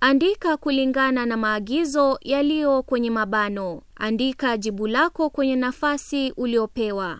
Andika kulingana na maagizo yaliyo kwenye mabano. Andika jibu lako kwenye nafasi uliopewa.